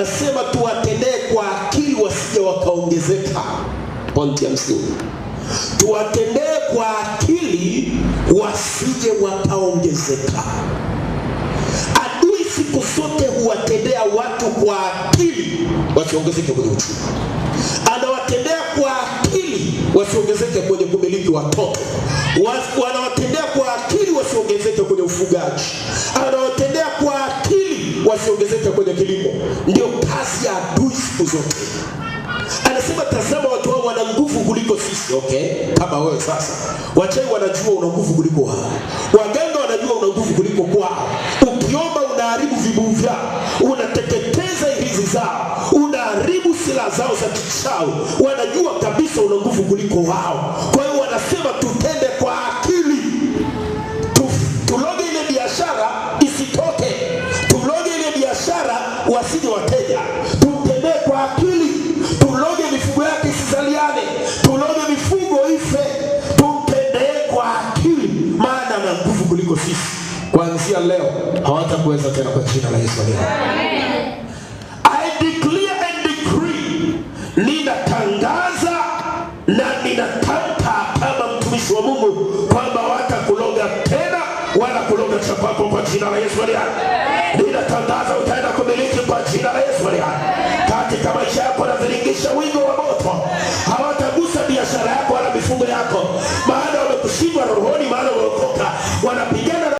anasema tuwatendee kwa akili wasije wakaongezeka. Pointi ya msingi, tuwatendee kwa akili wasije wakaongezeka. Adui siku zote huwatendea watu kwa akili wasiongezeke kwenye uchumi, anawatendea kwa akili wasiongezeke kwenye kumiliki watoto, wanawatendea kwa wasiongezeke kwenye kilimo. Ndio kazi ya adui siku zote. Anasema tazama, watu wao wana nguvu kuliko sisi. Okay, kama wewe sasa, wachawi wanajua una nguvu kuliko wao, waganga wanajua una nguvu kuliko kwao. Ukiomba unaharibu vibuyu vyao, unateketeza hirizi zao, unaharibu silaha zao za kichawi. Wanajua kabisa una nguvu kuliko wao, kwa hiyo wanasema tu wasije wateja. Tutembee kwa akili, tuloge mifugo yake isizaliane, tuloge mifugo ife. Tutembee kwa akili, maana na nguvu kuliko sisi. Kuanzia leo hawatakuweza tena, kwa jina la Yesu. I declare and decree, ninatangaza na ninatamka kama mtumishi wa Mungu kwamba watakuloga tena wala kuloga chapako kwa jina la Yesu. Ninatangaza utaenda சொல்லுகிறார்